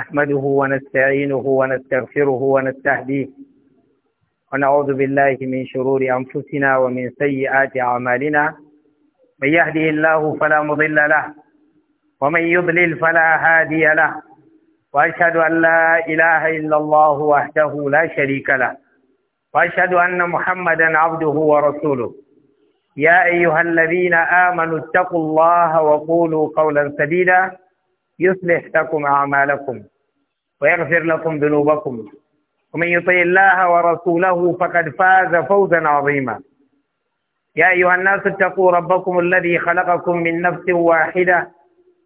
نحمده ونستعينه ونستغفره ونستهديه ونعوذ بالله من شرور أنفسنا ومن سيئات أعمالنا من يهده الله فلا مضل له ومن يضلل فلا هادي له وأشهد أن لا إله إلا الله وحده لا شريك له وأشهد أن محمدا عبده ورسوله يا أيها الذين آمنوا اتقوا الله وقولوا قولا سديدا يصلح لكم أعمالكم ويغفر لكم ذنوبكم ومن يطع الله ورسوله فقد فاز فوزا عظيما يا أيها الناس اتقوا ربكم الذي خلقكم من نفس واحدة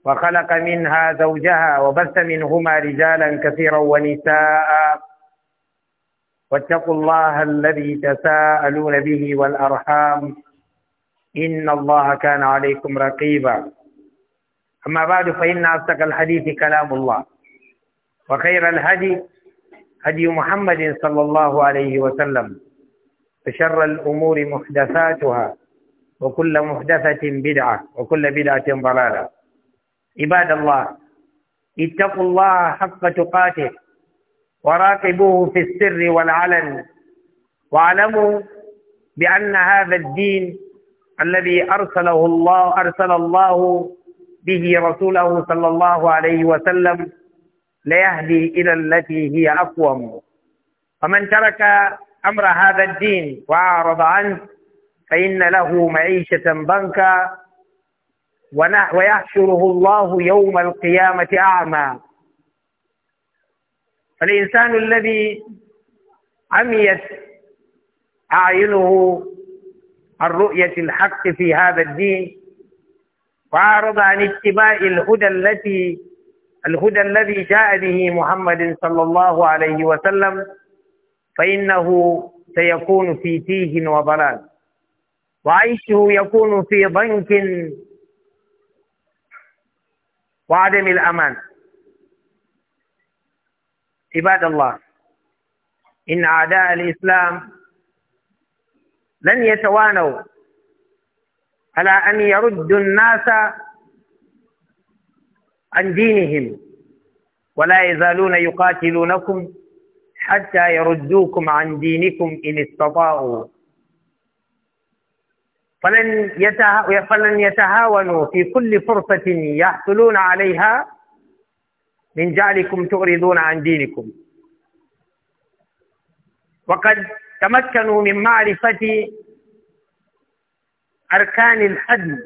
وخلق منها زوجها وبث منهما رجالا كثيرا ونساء واتقوا الله الذي تساءلون به والأرحام إن الله كان عليكم رقيبا أما بعد فإن أصدق الحديث كلام الله وخير الهدي هدي محمد صلى الله عليه وسلم وشر الأمور محدثاتها وكل محدثة بدعة وكل بدعة ضلالة عباد الله اتقوا الله حق تقاته وراقبوه في السر والعلن واعلموا بأن هذا الدين الذي أرسله الله أرسل الله به رسوله صلى الله عليه وسلم ليهدي إلى التي هي أقوم فمن ترك أمر هذا الدين وأعرض عنه فإن له معيشة ضنكا ويحشره الله يوم القيامة أعمى فالإنسان الذي عميت أعينه عن رؤية الحق في هذا الدين فأعرض عن اتباع الهدى التي الهدى الذي جاء به محمد صلى الله عليه وسلم فإنه سيكون في تيه وضلال وعيشه يكون في ضنك وعدم الأمان عباد الله إن أعداء الإسلام لن يتوانوا على أن يردوا الناس عن دينهم ولا يزالون يقاتلونكم حتى يردوكم عن دينكم إن استطاعوا فلن, يتها... فلن يتهاونوا في كل فرصة يحصلون عليها من جعلكم تغرضون عن دينكم وقد تمكنوا من معرفة أركان الحجم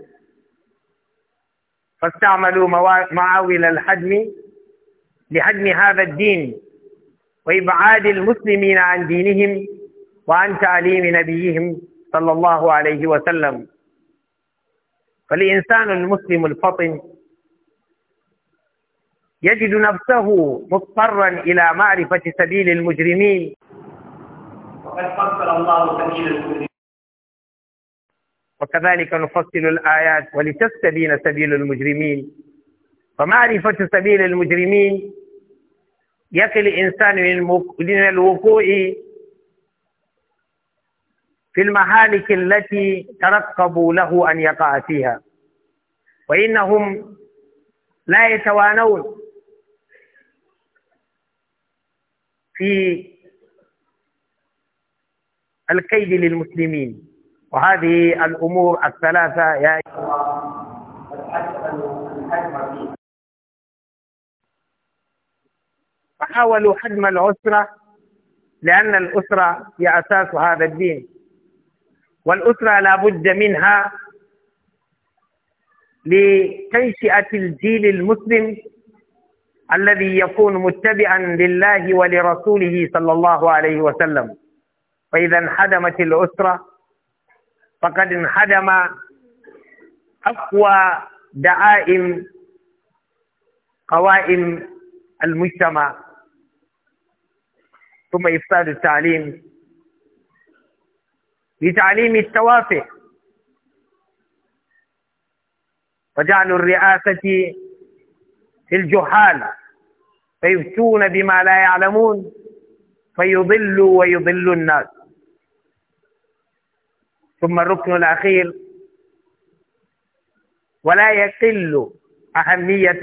فاستعملوا معاول الحجم لحجم هذا الدين وإبعاد المسلمين عن دينهم وعن تعليم نبيهم صلى الله عليه وسلم فالإنسان المسلم الفطن يجد نفسه مضطرا إلى معرفة سبيل المجرمين وقد فصل الله سبيل المجرمين وكذلك نفصل الآيات ولتستبين سبيل المجرمين فمعرفة سبيل المجرمين يقي الإنسان من الوقوع في المهالك التي ترقبوا له أن يقع فيها وإنهم لا يتوانون في الكيد للمسلمين وهذه الأمور الثلاثة يا فحاولوا حجم الأسرة لأن الأسرة هي أساس هذا الدين والأسرة لا بد منها لتنشئة الجيل المسلم الذي يكون متبعا لله ولرسوله صلى الله عليه وسلم فإذا انحدمت الأسرة فقد انهدم أقوى دعائم قوائم المجتمع ثم إفساد التعليم بتعليم التوافه وجعل الرئاسة في الجهال فيفتون بما لا يعلمون فيضلوا ويضل الناس ثم الركن الأخير ولا يقل أهمية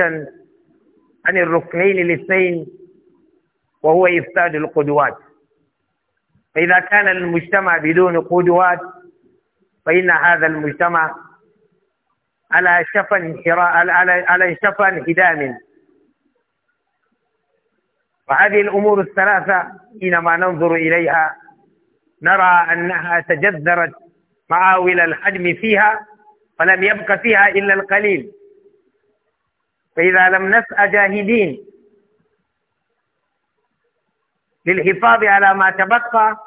عن الركنين الاثنين وهو إفساد القدوات فإذا كان المجتمع بدون قدوات فإن هذا المجتمع على شفا انحراء على شفا انهدام وهذه الأمور الثلاثة حينما ننظر إليها نرى أنها تجذرت معاول الحجم فيها فلم يبق فيها إلا القليل فإذا لم نسأ جاهدين للحفاظ على ما تبقى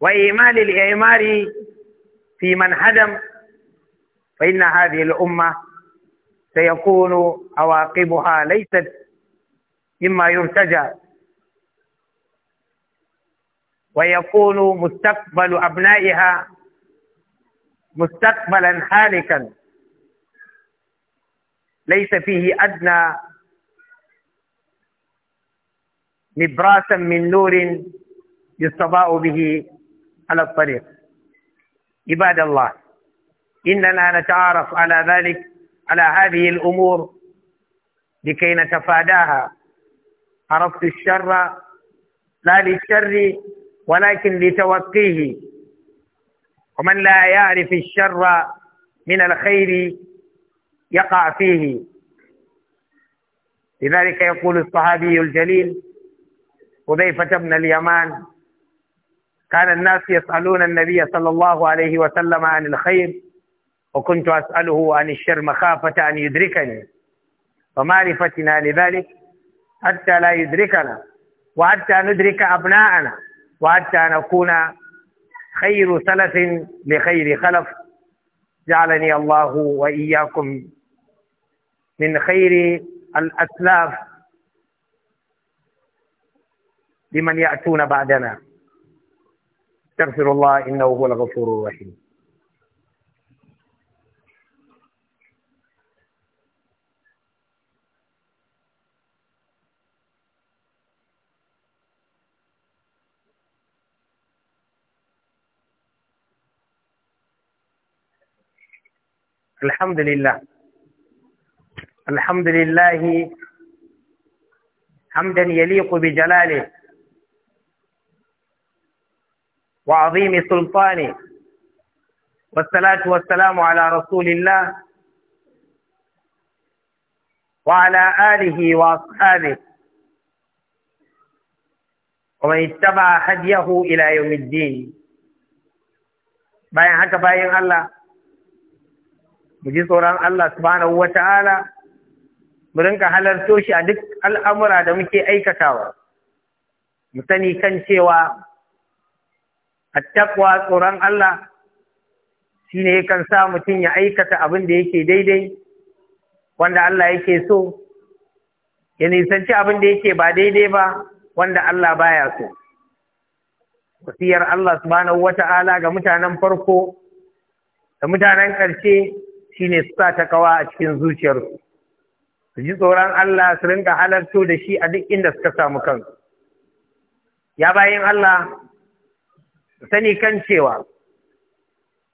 وإيمال الإعمار في من هدم فإن هذه الأمة سيكون عواقبها ليست مما يرتجى ويكون مستقبل أبنائها مستقبلا هالكا ليس فيه أدنى نبراسا من نور يستضاء به على الطريق عباد الله إننا نتعارف على ذلك على هذه الأمور لكي نتفاداها عرفت الشر لا للشر ولكن لتوقيه ومن لا يعرف الشر من الخير يقع فيه لذلك يقول الصحابي الجليل حذيفة بن اليمان كان الناس يسألون النبي صلى الله عليه وسلم عن الخير وكنت أسأله عن الشر مخافة أن يدركني ومعرفتنا لذلك حتى لا يدركنا وحتى ندرك أبناءنا وحتى نكون خير سلف لخير خلف جعلني الله وإياكم من خير الأسلاف لمن يأتون بعدنا استغفر الله إنه هو الغفور الرحيم الحمد لله الحمد لله حمدا يليق بجلاله وعظيم سلطانه والصلاة والسلام على رسول الله وعلى آله وأصحابه ومن اتبع هديه إلى يوم الدين باين هكا باين الله mu ji tsoron Allah subhanahu wata'ala mu rinka halarto shi a duk al'amura da muke aikatawa mu sani kan cewa attaqwa tsoron Allah shine yakan sa mutum ya aikata abin da yake daidai wanda Allah yake so ya nisanci abin da yake ba daidai ba wanda Allah baya so wasiyar Allah subhanahu wata'ala ga mutanen farko da mutanen ƙarshe Shi ne su sa takawa a cikin zuciyarsu su ji tsoron Allah su rinka halarto da shi a duk inda suka samu kansu ya bayan Allah sani kan cewa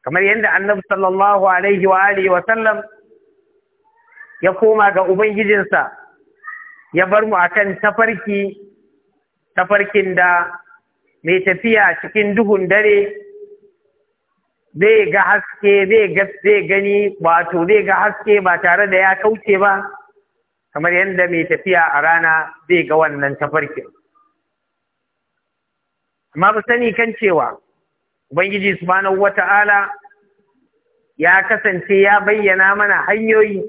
kamar yadda annabi sallallahu alaihi wa alihi wa sallam ya koma ga ubangijinsa ya bar mu akan tafarki tafarkin da mai tafiya cikin duhun dare zai ga haske zai gani wato zai ga haske ba tare da ya kauce ba kamar yadda mai tafiya a rana zai ga wannan tafarkin amma ba sani kan cewa ubangiji subhanahu wata'ala ya kasance ya bayyana mana hanyoyi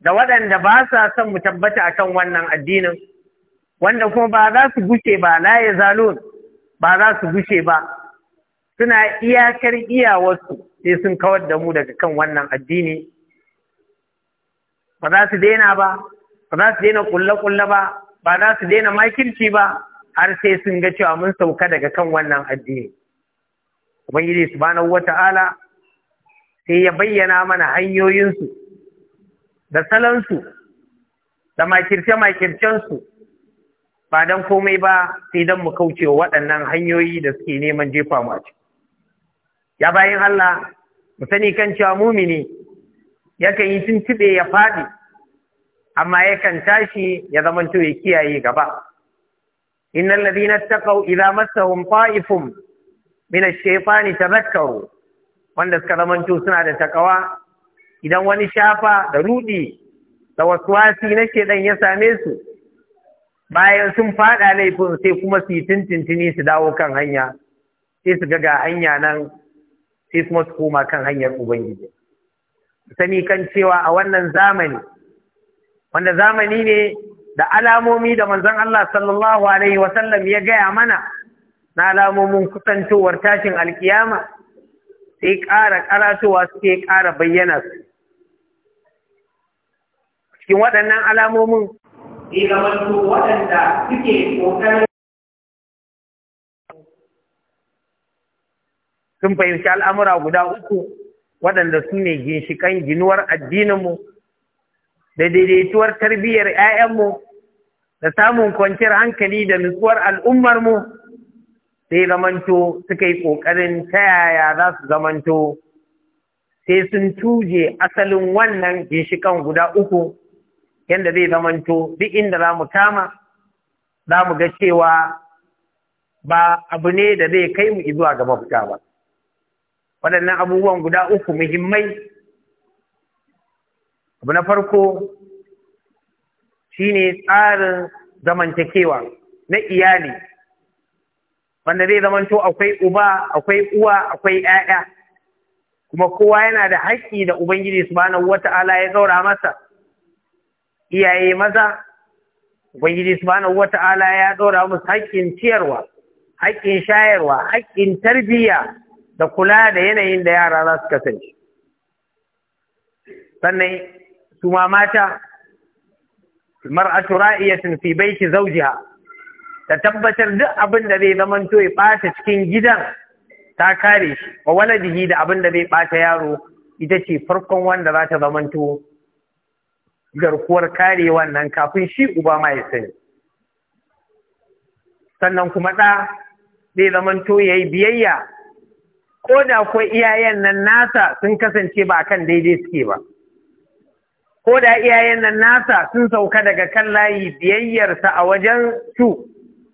da waɗanda ba sa son mu tabbata kan wannan addinin wanda kuma ba za su gushe ba la ya zalun ba za su gushe ba suna iyakar iyawarsu sai sun kawar da mu daga kan wannan addini ba za su daina ba ba za su daina kulle-kulle ba ba za su daina makirci ba har sai sun ga cewa mun sauka daga kan wannan addini ubangiji subhanahu wata'ala sai ya bayyana mana hanyoyinsu da salansu da makirce-makircensu ba don komai ba sai don mu kauce wa waɗannan hanyoyi da suke neman jefa mu a ciki ya bayan Allah mu sani kan cewa mumini yakan yi tuntube ya faɗi amma yakan tashi ya zamanto ya kiyaye gaba innal ladina taqaw idza massahum ta'ifum min ash-shaytani tadhakkaru wanda suka zamanto suna da takawa idan wani shafa da rudi da waswasi na shedan ya same su bayan sun faɗa laifin sai kuma su yi tuntuntuni su dawo kan hanya sai su ga ga hanya nan sai kuma su koma kan hanyar ubangiji sani kan cewa a wannan zamani wanda zamani ne da alamomi da manzon Allah sallallahu alaihi wasallam ya gaya mana na alamomin kusantowar tashin alkiyama sai ƙara ƙaratowa suke ƙara bayyana su cikin waɗannan alamomin sai waɗanda suke ƙoƙarin sun fahimci al'amura guda uku waɗanda su ne ginshikan ginuwar addininmu da daidaituwar tarbiyyar 'ya'yanmu da samun kwanciyar hankali da nutsuwar al'ummarmu sai zamanto suka yi ƙoƙarin ta yaya za su zamanto sai sun tuje asalin wannan ginshikan guda uku yadda zai zamanto duk inda za mu kama za mu ga cewa ba abu ne da zai kai mu izuwa ga mafuta ba waɗannan abubuwan guda uku muhimmai abu na farko shine tsarin zamantakewa na iyali wanda zai zamanto akwai uba akwai uwa akwai 'ya'ya kuma kowa yana da haƙƙi da ubangiji subhanahu wata'ala ya zaura masa iyaye maza ubangiji subhanahu wata'ala ya zaura musu haƙƙin ciyarwa haƙƙin shayarwa haƙƙin tarbiyya da kula da yanayin da yara za su kasance sannan su ma mata mar'atu ra'iyatin fi baiti zawjiha ta tabbatar duk abin da zai zaman to ya bata cikin gidan ta kare shi wa waladihi da abin da zai bata yaro ita ce farkon wanda za ta zaman to garkuwar kare wannan kafin shi uba ma ya sani sannan kuma ɗa zai zaman to yayi biyayya ko da ko iyayen nan nasa sun kasance ba kan daidai suke ba ko da iyayen nan nasa sun sauka daga kan layi biyayyarsa a wajen su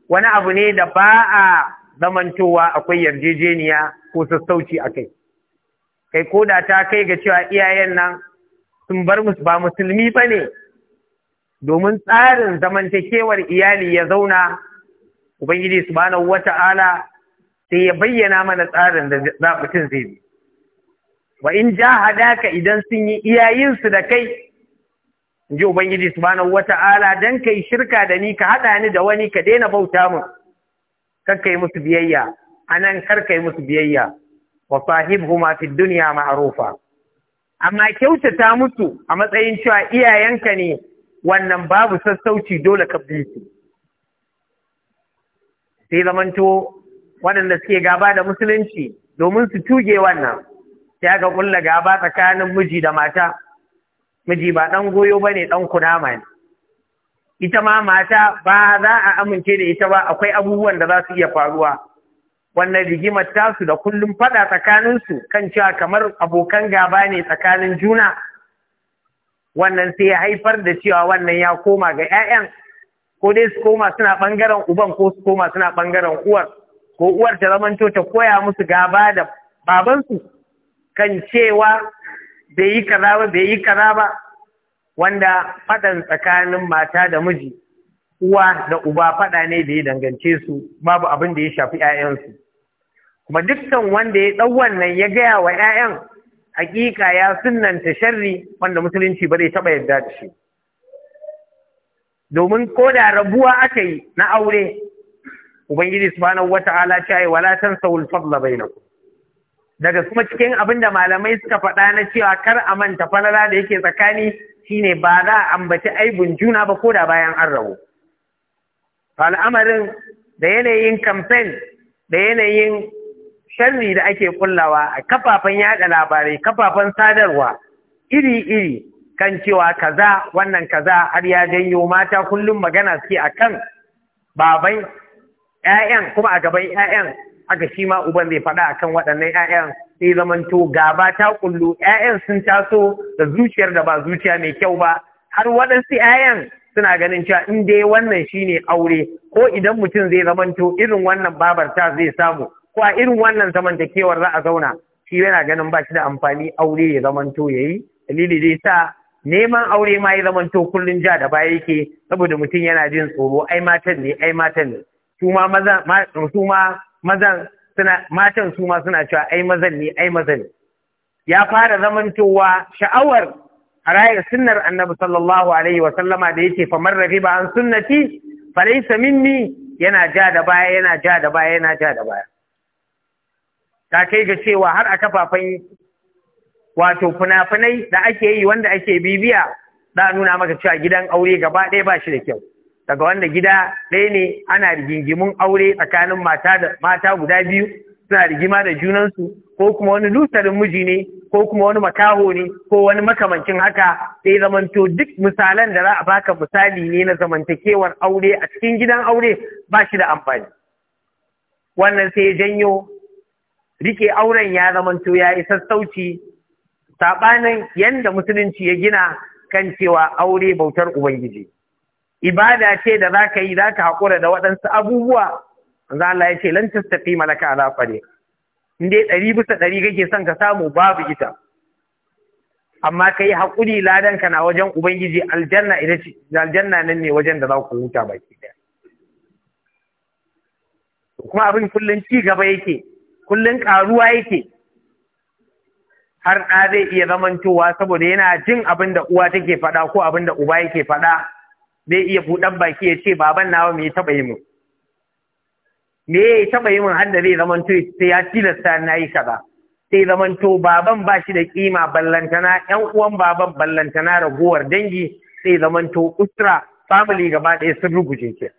wani abu ne da ba a zamantowa akwai yarjejeniya ko sassauci a kai kai ko da ta kai ga cewa iyayen nan sun bar musu ba musulmi ba ne domin tsarin zamantakewar iyali ya zauna ubangiji subhanahu wata'ala sai ya bayyana mana tsarin da zaɓutin zai bi wa in hadaka idan sun yi iyayensu da kai in ji ubangiji subhanahu ta'ala dan kai shirka da ni ka haɗa ni da wani ka daina bauta mu. kan kai musu biyayya a nan kar kai musu biyayya wa sahibhuma fi duniya ma'arufa. amma kyautata musu a matsayin cewa iyayenka ne wannan babu sassauci dole ka bi su sai zamanto waɗanda suke gaba da musulunci domin su tuge wannan sai aka ƙulla gaba tsakanin miji da mata miji ba ɗan goyo ba ne ɗan kunama ne ita ma mata ba za a amince da ita ba akwai abubuwan da za su iya faruwa wannan rigimar tasu da kullum faɗa tsakaninsu kan cewa kamar abokan gaba ne tsakanin juna wannan sai ya haifar da cewa wannan ya koma ga 'ya'yan ko dai su koma suna ɓangaren uban ko su koma suna ɓangaren uwar ko uwar ta zamanto ta koya musu gaba da babansu kan cewa bai yi kaza ba bai yi kaza ba wanda faɗan tsakanin mata da miji uwa da uba faɗa ne da ya dangance su babu abin da ya shafi 'ya'yansu kuma dukkan wanda ya ɗau wannan ya gaya wa 'ya'yan hakika ya sunnanta sharri wanda musulunci ba zai taɓa yarda da shi domin ko da rabuwa aka yi na aure ubangiji subhanahu wata'ala ce ai wala tansawul fadla bainakum daga kuma cikin abinda malamai suka faɗa na cewa kar a manta falala da yake tsakani shine ba za a ambaci aibun juna ba ko da bayan an rabu al'amarin da yanayin kamfen da yanayin sharri da ake kullawa a kafafen yada labarai kafafen sadarwa iri-iri kan cewa kaza wannan kaza har ya janyo mata kullum magana suke akan baban ƴaƴan kuma a gaban ƴaƴan haka shi ma uban zai faɗa akan waɗannan ƴaƴan sai zamanto gaba ta kullu ƴaƴan sun taso da zuciyar da ba zuciya mai kyau ba har waɗansu ƴaƴan suna ganin cewa in dai wannan shine aure ko idan mutum zai zamanto irin wannan babar ta zai samu ko a irin wannan zamantakewar za a zauna shi yana ganin ba shi da amfani aure ya zamanto yayi dalili zai sa neman aure ma ya zamanto kullum ja da baya yake saboda mutum yana jin tsoro ai matan ne ai matan ne ma suma mazan suna matan su suna cewa ai mazan ne ai mazan ne ya fara zamantowa sha'awar harayar sunnar annabi sallallahu alaihi wa sallama da yake fa man ba an sunnati fa laysa minni yana ja da baya yana ja da baya yana ja da baya ta kai ga cewa har a kafafen wato funafunai da ake yi wanda ake bibiya da nuna maka cewa gidan aure gaba ɗaya ba shi da kyau daga wanda gida ɗaya ne ana rigingimun aure tsakanin mata da guda biyu suna rigima da junansu ko kuma wani lusarin miji ne ko kuma wani makaho ne ko wani makamancin haka sai zamanto duk misalan da za a baka misali ne na zamantakewar aure a cikin gidan aure ba shi da amfani wannan sai janyo rike auren ya zamanto ya yi sassauci saɓanin yadda musulunci ya gina kan cewa aure bautar ubangiji ibada ce da za ka yi za ka haƙura da waɗansu abubuwa za Allah ya ce lan tastafi malaka ala fare in dai ɗari bisa ɗari kake son ka samu babu ita amma ka yi haƙuri ladan ka na wajen ubangiji aljanna ita ce aljanna nan ne wajen da za ku huta baki ɗaya kuma abin kullum ci gaba yake kullum ƙaruwa yake har ɗa zai iya zamantowa saboda yana jin abin da uwa take faɗa ko abin da uba yake faɗa zai iya buɗan baki ya ce baban nawa me ya taɓa yi mu me ya taɓa yi min har da zai zamanto sai ya tilasta na yi kaza sai zamanto baban ba shi da kima ballantana ƴan uwan baban ballantana ragowar dangi sai zamanto usra family gaba ɗaya sun ruguje ke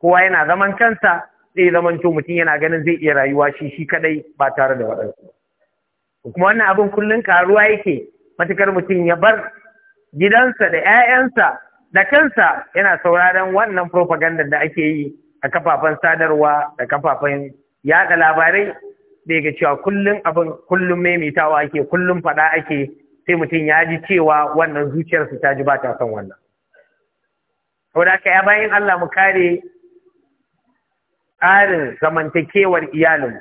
kowa yana zaman kansa sai zamanto mutum yana ganin zai iya rayuwa shi shi kadai ba tare da waɗansu kuma wannan abin kullum karuwa yake matukar mutum ya bar gidansa da 'ya'yansa da kansa yana sauraron wannan propaganda da ake yi a kafafen sadarwa da kafafen yaɗa labarai da ga cewa kullum abin kullum maimaitawa ake kullum faɗa ake sai mutum ya ji cewa wannan zuciyarsa ta ji ba ta son wannan saboda haka ya bayan Allah mu kare tsarin zamantakewar iyalin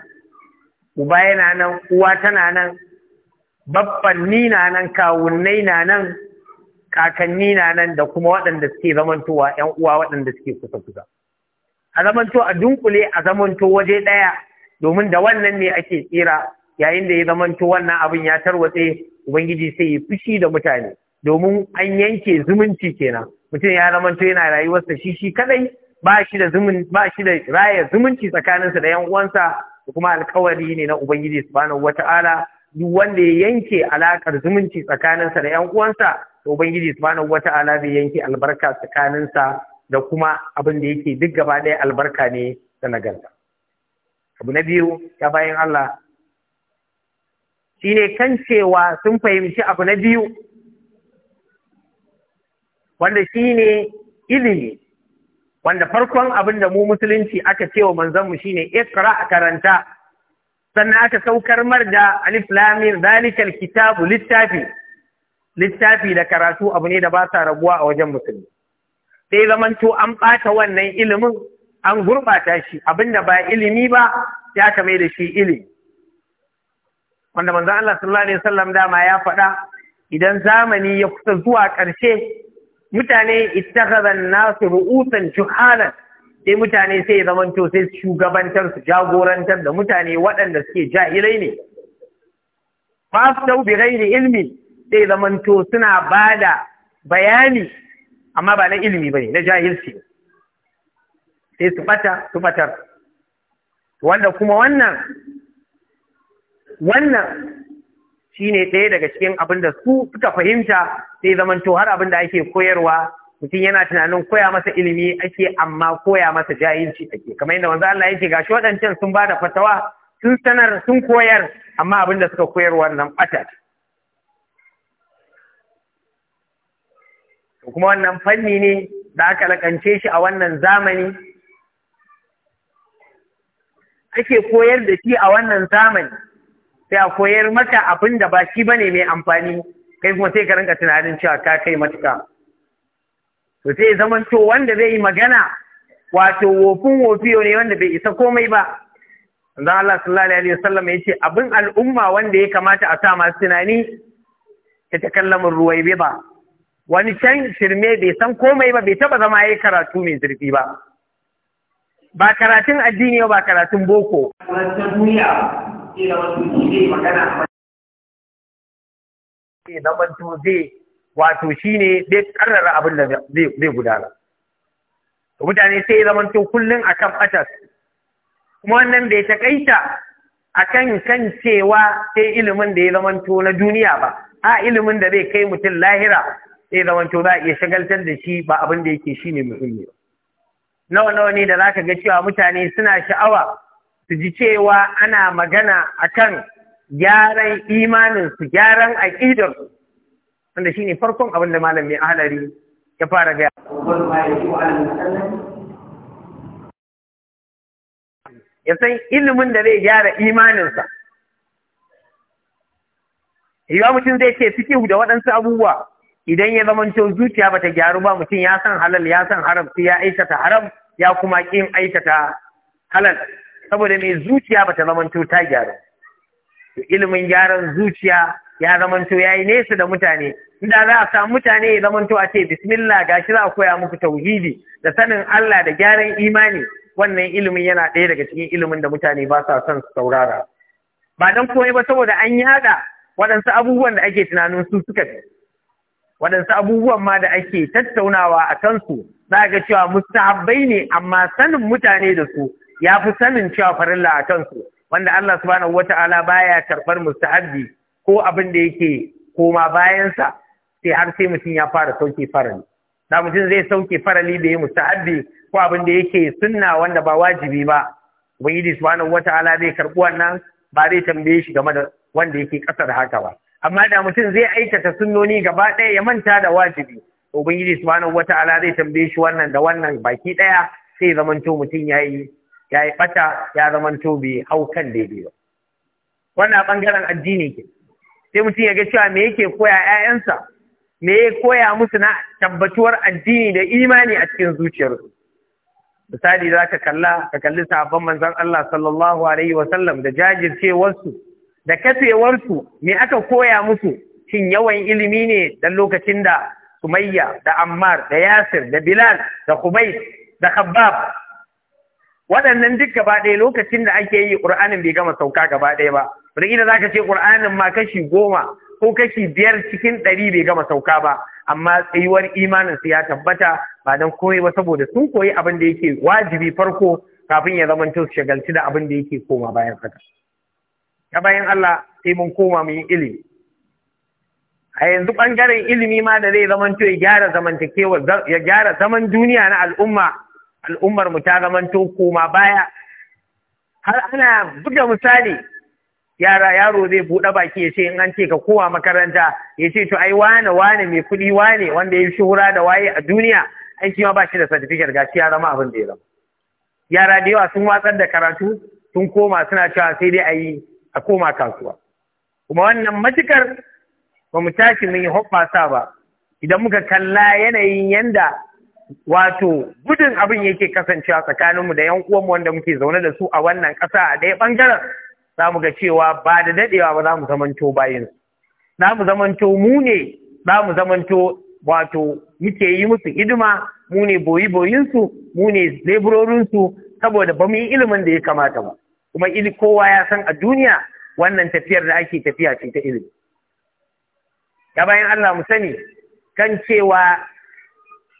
uba yana nan uwa tana nan babban ni na nan kawunnai na nan kakanni na nan da kuma waɗanda suke zamantowa ‘yan uwa waɗanda suke kusa-kusa. A zamanto a dunkule a zamanto waje ɗaya domin da wannan ne ake tsira yayin da ya zamanto wannan abin ya tarwatse Ubangiji sai ya fushi da mutane domin an yanke zumunci kenan. Mutum ya zamanto yana rayuwarsa shi shi kadai ba shi da ba shi da raya zumunci tsakaninsa da ‘yan uwansa da kuma alkawari ne na Ubangiji subhanahu wata'ala duk wanda ya yanke alakar zumunci tsakaninsa da ‘yan uwansa ubangiji subhanahu wata'ala zai yanke albarka tsakanin sa da kuma abin da yake duk gaba ɗaya albarka ne da nagarta abu na biyu ya bayan Allah shine kan cewa sun fahimci abu na biyu wanda shine ilimi wanda farkon abin da mu musulunci aka ce wa manzanmu shine ikra karanta sannan aka saukar mar da alif lamim zalikal kitabu littafi littafi da karatu abu ne da ba sa raguwa a wajen musulmi sai zamanto an ɓata wannan ilimin an gurɓata shi abinda ba ilimi ba ya ka mai da shi ilimi wanda manzon Allah sallallahu alaihi wasallam dama ya faɗa idan zamani ya kusa zuwa ƙarshe mutane ita nasu ru'usan juhalan sai mutane sai zamanto sai shugabantar su jagorantar da mutane waɗanda suke jahilai ne fa bi ghairi ilmin zai zamanto suna ba da bayani amma ba na ilimi ba ne na jahilci sai su fata su fatar wanda kuma wannan wannan shi ne ɗaya daga cikin abin da su suka fahimta sai zamanto har abin da ake koyarwa mutum yana tunanin koya masa ilimi ake amma koya masa jahilci ake kamar yadda wanzu Allah yake gashi waɗancan sun ba da fatawa sun sanar sun koyar amma abin da suka koyarwa nan ɓata kuma wannan fanni ne da aka lakance shi a wannan zamani ake koyar da shi a wannan zamani sai a koyar maka abin da ba shi bane mai amfani kai kuma sai ka rinka tunanin cewa ka kai matuka to sai zaman to wanda zai yi magana wato wofin wofiyo ne wanda bai isa komai ba Allah sallallahu alaihi wasallam ya ce abin al'umma wanda ya kamata a sa masu tunani ta takallamin ruwaibe ba wani can shirme bai san komai ba bai taba zama yayi karatu mai zurfi ba ba karatun addini ba karatun boko wannan duniya ila wasu ne magana ne na zai wato shine zai karrara abin da zai gudana mutane sai ya zama to kullun akan atas kuma wannan bai takaita akan kan cewa sai ilimin da ya zama to na duniya ba a ilimin da zai kai mutum lahira sai to za a iya shagaltar da shi ba abin da yake shine muhimmi ba nawa nawa ne da zaka ga cewa mutane suna sha'awa su ji cewa ana magana akan gyaran imanin su gyaran aqidar su wanda shine farkon abin da malam mai ahlari ya fara gaya ya san ilimin da zai gyara imaninsa yiwuwa mutum zai ce suke da waɗansu abubuwa idan ya zamanto zuciya bata gyaru ba mutum ya san halal ya san haram sai ya aikata haram ya kuma kin aikata halal saboda mai zuciya bata zamanto ta gyaru ilimin gyaran zuciya ya zamanto yayi nesa da mutane inda za a samu mutane ya zamanto a ce bismillah gashi za a koya muku tauhidi da sanin Allah da gyaran imani wannan ilimin yana ɗaya daga cikin ilimin da mutane ba sa son su saurara ba dan komai ba saboda an yada waɗansu abubuwan da ake tunanin su suka fi waɗansu abubuwan ma da ake tattaunawa a kansu za ga cewa mustahabbai ne amma sanin mutane da su ya fi sanin cewa farilla a kansu wanda Allah subhanahu wata'ala baya karɓar mustahabbi ko abin da yake koma bayansa sai har sai mutum ya fara sauke farali da mutum zai sauke farali da ya mustahabbi ko abin da yake sunna wanda ba wajibi ba ubangiji subhanahu ta'ala zai karɓi wannan ba zai tambaye shi game da wanda yake ƙasar haka ba amma da mutum zai aikata sunnoni gaba ɗaya ya manta da wajibi ubangiji subhanahu wata'ala zai tambaye shi wannan da wannan baki ɗaya sai to mutum ya yi ya yi ɓata ya zamanto bai hau kan daidai ba wannan bangaren addini ke sai mutum ya ga cewa me yake koya 'ya'yansa me ya koya musu na tabbatuwar addini da imani a cikin su misali za ka kalla ka kalli sahabban manzon Allah sallallahu alaihi wa sallam da su. da kasewarsu me aka koya musu cin yawan ilimi ne dan lokacin da Sumayya da Ammar da Yasir da Bilal da kubai da Khabbab waɗannan duk gaba ɗaya lokacin da ake yi ƙur'anin bai gama sauka gaba ɗaya ba wataƙila za ka ce ƙur'anin ma kashi goma ko kashi biyar cikin ɗari bai gama sauka ba amma tsayuwar imanin su ya tabbata ba don komai ba saboda sun koyi abin da yake wajibi farko kafin ya zamanto su shagalci da abin da yake koma bayan haka. Ta bayan Allah sai mun koma mu yi ilimi a yanzu ɓangaren ilimi ma da zai zama ya gyara ya gyara zaman duniya na al'umma al'ummar mu ta to koma baya har ana buga misali yara yaro zai buɗe baki ya ce in an ce ka kowa makaranta ya ce to ai wane wane mai kuɗi wane wanda ya yi shuhura da waye a duniya An ma ba shi da certificate gashi ya zama abin da ya zama yara da yawa sun watsar da karatu sun koma suna cewa sai dai a yi a koma kasuwa kuma wannan matukar ba mu tashi mun yi hoɓɓasa ba idan muka kalla yanayin yanda wato gudun abin yake kasancewa tsakaninmu da yan uwanmu wanda muke zaune da su a wannan ƙasa a ɗaya ɓangaren za mu ga cewa ba da daɗewa ba za mu zamanto bayin za mu zamanto mu ne za mu zamanto wato muke yi musu hidima mu ne boyi boyinsu mu ne leburorinsu saboda ba mu yi ilimin da ya kamata ba kuma ili kowa ya san a duniya wannan tafiyar da ake tafiya ce ta ilimi ya bayan Allah mu sani kan cewa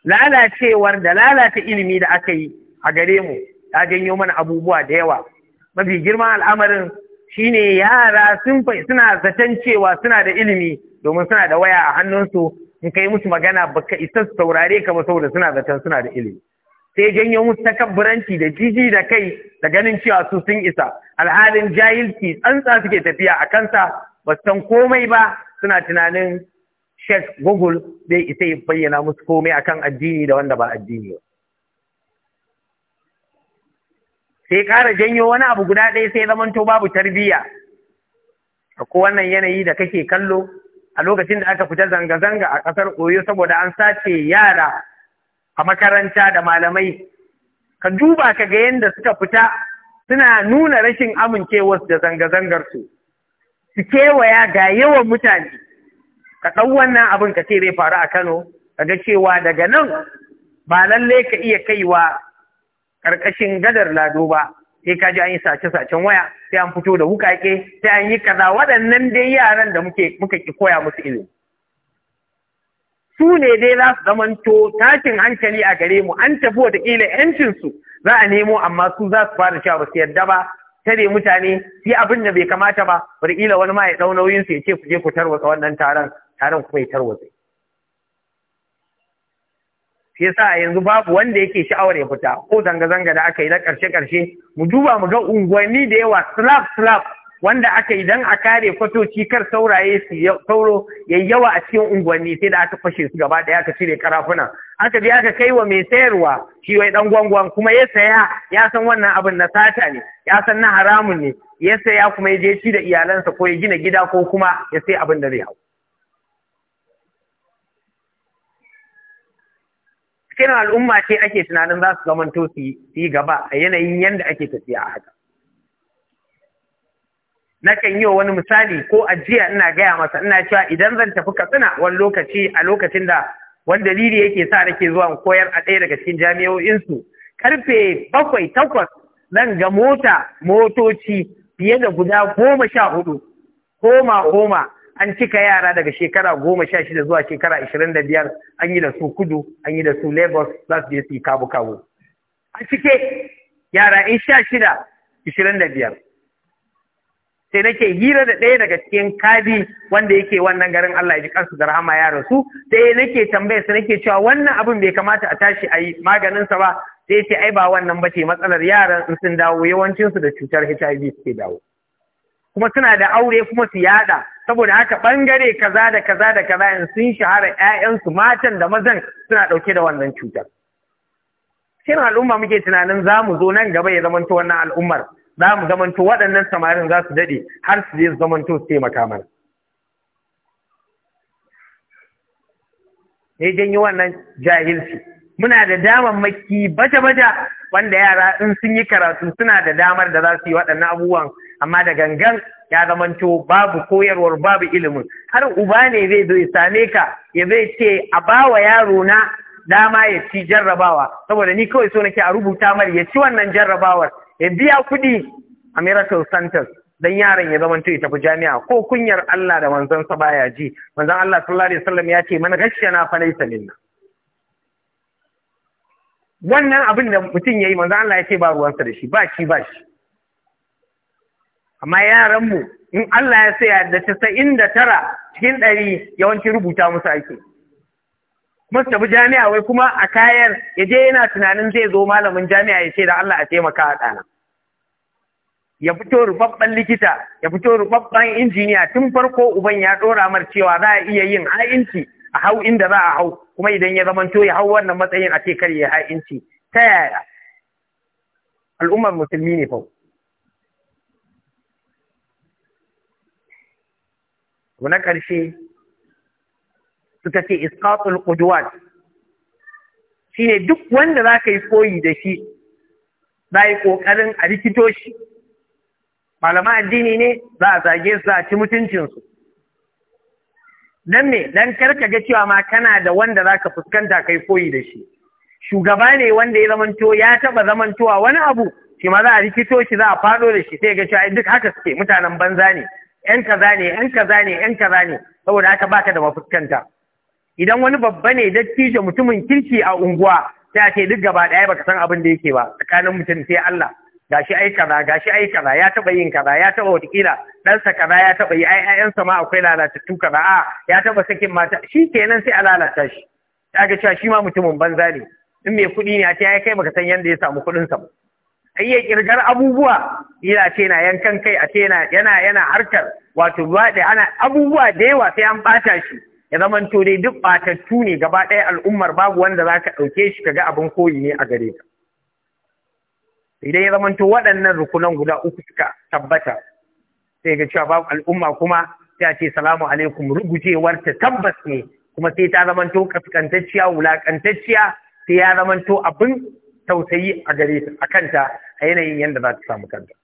lalacewar da lalata ilimi da aka yi a gare mu ta janyo mana abubuwa da yawa mafi girma al'amarin shine yara sun suna zaton cewa suna da ilimi domin suna da waya a hannunsu in kai musu magana baka isa su saurare ka ba saboda suna zaton suna da ilimi sai janyo musu takabburanci da jiji da kai da ganin cewa su sun isa alhalin jahilci tsantsa suke tafiya a kansa ba san komai ba suna tunanin Shek Google zai isa ya bayyana musu komai akan addini da wanda ba addini ba sai ƙara janyo wani abu guda ɗaya sai zamanto babu tarbiyya ko wannan yanayi da kake kallo a lokacin da aka fita zanga-zanga a ƙasar Oyo saboda an sace yara a makaranta da malamai ka duba ka ga yadda suka fita suna nuna rashin amincewar da zanga-zangar su su kewaya ga yawan mutane ka ɗau wannan abin ka ce zai faru a Kano ka ga cewa daga nan ba lalle ka iya kaiwa ƙarƙashin gadar lado ba sai ka ji an yi sace-sacen waya sai an fito da wukake sai an yi kaza waɗannan dai yaran da muke muka ki koya musu ilimi su ne dai za su zamanto takin hankali a gare mu an tafi watakila yancinsu za a nemo amma su za su fara cewa ba su yarda ba tare mutane yi abin da bai kamata ba watakila wani ma ya ɗau nauyin ya ce ku je ku tarwatsa wannan taron taron kuma ya tarwatsa shi yasa yanzu babu wanda yake sha'awar ya fita ko zanga-zanga da aka yi na ƙarshe-ƙarshe mu duba mu ga unguwanni da yawa slap slap wanda aka idan a kare kwatoci kar sauraye su sauro yayi yawa a cikin unguwanni sai da aka fashe su gaba da aka cire karafuna aka je aka kai wa mai sayarwa shi wai dan gwangwan kuma ya saya ya san wannan abin na sata ne ya san na haramun ne ya saya kuma ya je ci da iyalansa ko ya gina gida ko kuma ya sai abin da zai hau cikin al'umma ce ake tunanin za su zamanto su yi gaba a yanayin yadda ake tafiya a haka nakan yi wa wani misali ko ajiya ina gaya masa ina cewa idan zan tafi katsina wani lokaci a lokacin da wani dalili yake sa nake zuwa in koyar a ɗaya daga cikin jami'o'insu karfe bakwai takwas zan ga mota motoci fiye da guda goma sha hudu koma koma an cika yara daga shekara goma sha shida zuwa shekara ashirin da biyar an yi da su kudu an yi da su lagos za su je su yi kabu kabu an cike yara in sha shida ashirin da biyar sai nake hira da ɗaya daga cikin kadi wanda yake wannan garin Allah ya ji kansu da rahama ya rasu sai nake tambaya sai nake cewa wannan abin bai kamata a tashi a yi maganin sa ba sai ce ai ba wannan ba ce matsalar yaran in sun dawo yawancin su da cutar HIV suke dawo kuma suna da aure kuma su yada saboda haka bangare kaza da kaza da kaza in sun shahara 'ya'yansu, matan da mazan suna ɗauke da wannan cutar shin al'umma muke tunanin za mu zo nan gaba ya zamanto wannan al'ummar za mu zamanto waɗannan samarin za su daɗe har su zai zamanto su taimaka mana ne yi wannan jahilci muna da damar maki baja-baja wanda yara in sun yi karatu suna da damar da za su yi waɗannan abubuwan amma da gangan ya zamanto babu koyarwar babu ilimin har uba ne zai zo same ka ya zai ce a bawa yaro na dama ya ci jarrabawa saboda ni kawai so nake a rubuta mari ya ci wannan jarrabawar ya biya kuɗi a miracle center dan yaron ya zama ya tafi jami'a ko kunyar Allah da sa baya ji manzon Allah sallallahu alaihi wasallam ya ce man ghashana fa laysa minna wannan abin da mutum yayi manzon Allah ya ce ba ruwansa da shi ba shi ba shi amma yaran mu in Allah ya saya da casa'in da tara cikin ɗari yawanci rubuta musu ake kuma tafi jami'a wai kuma a kayan ya je yana tunanin zai zo malamin jami'a ya ce da Allah a taimaka a ɗana ya fito rubabban likita ya fito rubabban injiniya tun farko uban ya ɗora mar cewa za a iya yin ha'inci a hau inda za a hau kuma idan ya zama to ya hau wannan matsayin a ce kar ya ha'inci ta yaya al'ummar musulmi ne fau na ƙarshe suka ce isqatul qudwat shine duk wanda za ka yi koyi da shi za yi ƙoƙarin a rikito shi Malama addini ne za a zage su a ci mutuncinsu dan me dan karka ga cewa ma kana da wanda za ka fuskanta kai koyi da shi shugaba ne wanda ya zamanto ya taba zamantowa wani abu shi ma za a rikito shi za a fado da shi sai ga cewa duk haka suke mutanen banza ne yan kaza ne yan kaza ne yan kaza ne saboda haka baka da mafuskanta idan wani babba ne dattijo mutumin kirki a unguwa sai a ce duk gaba ɗaya baka san abin da yake ba tsakanin mutum sai Allah gashi ai kaza gashi ai kaza ya taba yin kaza ya taba watakila ɗansa kaza ya taba yi ai sa ma akwai lalatattu kaza a ya taba sakin mata shi kenan sai a lalata shi ta cewa shi ma mutumin banza ne in mai kuɗi ne a ce ya kai baka san yanda ya samu kuɗinsa ba ai ya kirgar abubuwa ila ce na yankan kai a ce yana yana harkar wato da ana abubuwa da yawa sai an bata shi ya zamanto dai duk batattu ne gaba ɗaya al'ummar babu wanda zaka ɗauke shi kaga abin koyi ne a gare ka idan ya zamanto waɗannan rukunan guda uku suka tabbata sai ga cewa babu al'umma kuma sai a ce salamu alaikum rugujewar ta tabbas ne kuma sai ta zamanto kaskantacciya wulakantacciya sai ya zamanto abin tausayi a gare ta a kanta a yanayin yadda za ta samu kanta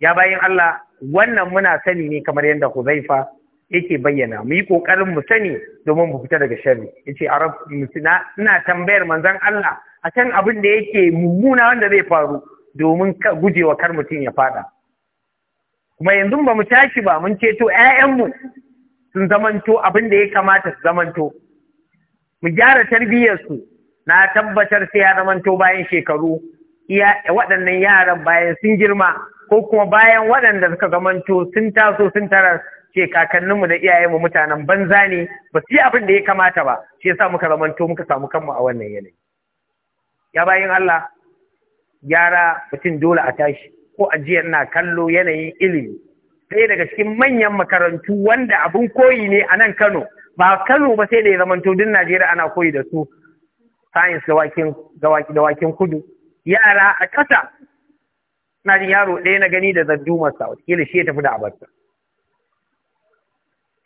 ya bayan Allah wannan muna sani ne kamar yadda Huzaifa yake bayyana mu yi kokarin mu sani domin mu fita daga sharri yace arab ina tambayar manzon Allah A can abin da yake mummuna wanda zai faru domin gujewa kar mutum ya fada kuma yanzu ba mu tashi ba mun ceto 'ya'yanmu sun zamanto abin da ya kamata su zamanto mu gyara tarbiyyarsu na tabbatar sai ya zamanto bayan shekaru waɗannan yaran bayan sun girma ko kuma bayan waɗanda suka zamanto sun taso sun tarar ce kakanninmu da iyayenmu mutanen banza ne ba su yi abin da ya kamata ba shi yasa muka zamanto muka samu kanmu a wannan yanayi ya bayin Allah gyara mutum dole a tashi ko ajiya na kallo yanayin ilimi sai daga cikin manyan makarantu wanda abun koyi ne a nan Kano ba Kano ba sai da ya zamanto duk Najeriya ana koyi da su science da wakin kudu yara a ƙasa na jin yaro ɗaya na gani da zaddumar sa wata shi ya tafi da abarta.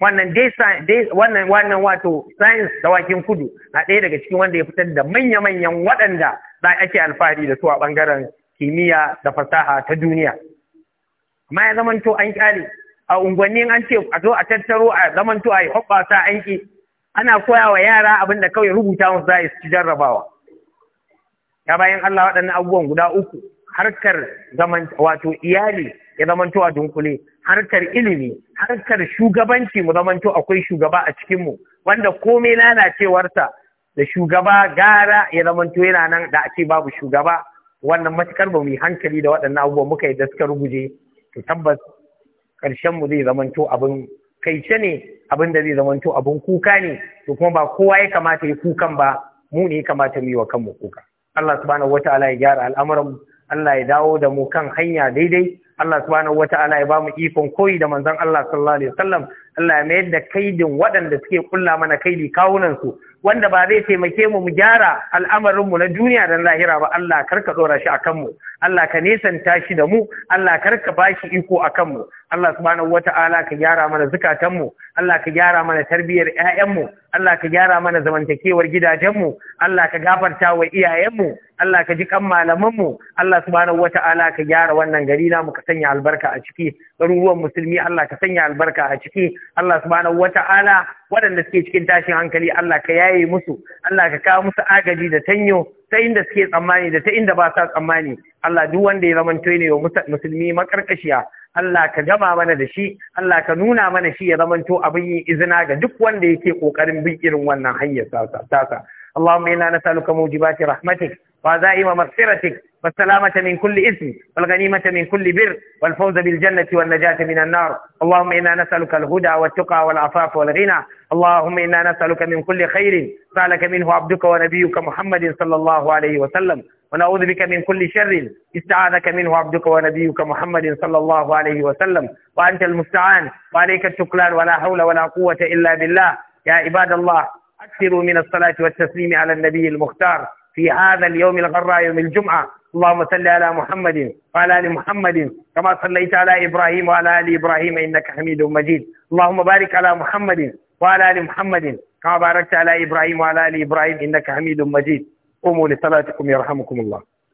wannan dai wannan wannan wato science dawakin kudu na ɗaya daga cikin wanda ya fitar da manya-manyan waɗanda za ake alfahari da su a ɓangaren kimiyya da fasaha ta duniya Amma ya zamanto an ƙyale a unguwanni an ce a zo a tattaro a zamanto a yi hoɓɓasa an ƙi ana koya wa yara abin da kawai rubuta musu za su ci jarrabawa ya bayan Allah waɗannan abubuwan guda uku harkar zaman wato iyali ya zamanto a dunkule harkar ilimi harkar shugabanci mu zamanto akwai shugaba a cikinmu. wanda komai lalacewarsa da shugaba gara ya zamanto yana nan da ake babu shugaba wannan matukar ba mu yi hankali da waɗannan abubuwa muka yi da suka ruguje to tabbas ƙarshen mu zai zamanto abin kaice ne abin da zai zamanto abin kuka ne to kuma ba kowa ya kamata ya kukan ba mu ne ya kamata mu yi wa kanmu kuka Allah subhanahu wataala ya gyara al'amuran mu Allah ya dawo da mu kan hanya daidai Allah subhanahu wata'ala ya ba mu ikon koyi da manzon Allah sallallahu alaihi wasallam Allah mai da kaidin waɗanda suke kulla mana kaidi kawunan su wanda ba zai taimake mu mu gyara al'amarin mu na duniya da lahira ba Allah karka dora shi akan mu Allah ka nesanta shi da mu Allah karka bashi iko akan mu Allah subhanahu wata'ala ka gyara mana zukatan mu Allah ka gyara mana tarbiyyar ƴaƴan mu Allah ka gyara mana zamantakewar gidajen mu Allah ka gafarta wa iyayen mu Allah ka ji kan malaman mu Allah subhanahu wata'ala ka gyara wannan gari na mu ka sanya albarka a ciki garuruwan musulmi Allah ka sanya albarka a ciki Allah subhanahu wata'ala waɗanda suke cikin tashin hankali Allah ka yaye musu Allah ka kawo musu agaji da tanyo ta inda suke tsammani da ta inda ba sa tsammani Allah duk wanda ya zamanto ne wa musulmi makarkashiya Allah ka gama mana da shi, Allah ka nuna mana shi ya zamanto abin yin izina ga duk wanda yake kokarin bin irin wannan hanyar tasa. Allahumma inna nas'aluka mujibati rahmatik wa za'ima maghfiratik والسلامة من كل إثم والغنيمة من كل بر والفوز بالجنة والنجاة من النار اللهم إنا نسألك الهدى والتقى والعفاف والغنى اللهم إنا نسألك من كل خير سألك منه عبدك ونبيك محمد صلى الله عليه وسلم ونعوذ بك من كل شر استعاذك منه عبدك ونبيك محمد صلى الله عليه وسلم وأنت المستعان وعليك التقلان ولا حول ولا قوة إلا بالله يا عباد الله أكثروا من الصلاة والتسليم على النبي المختار في هذا اليوم الغراء يوم الجمعة اللهم صل على محمد وعلى ال محمد كما صليت على ابراهيم وعلى ال ابراهيم انك حميد مجيد اللهم بارك على محمد وعلى ال محمد كما باركت على ابراهيم وعلى ال ابراهيم انك حميد مجيد قوموا لصلاتكم يرحمكم الله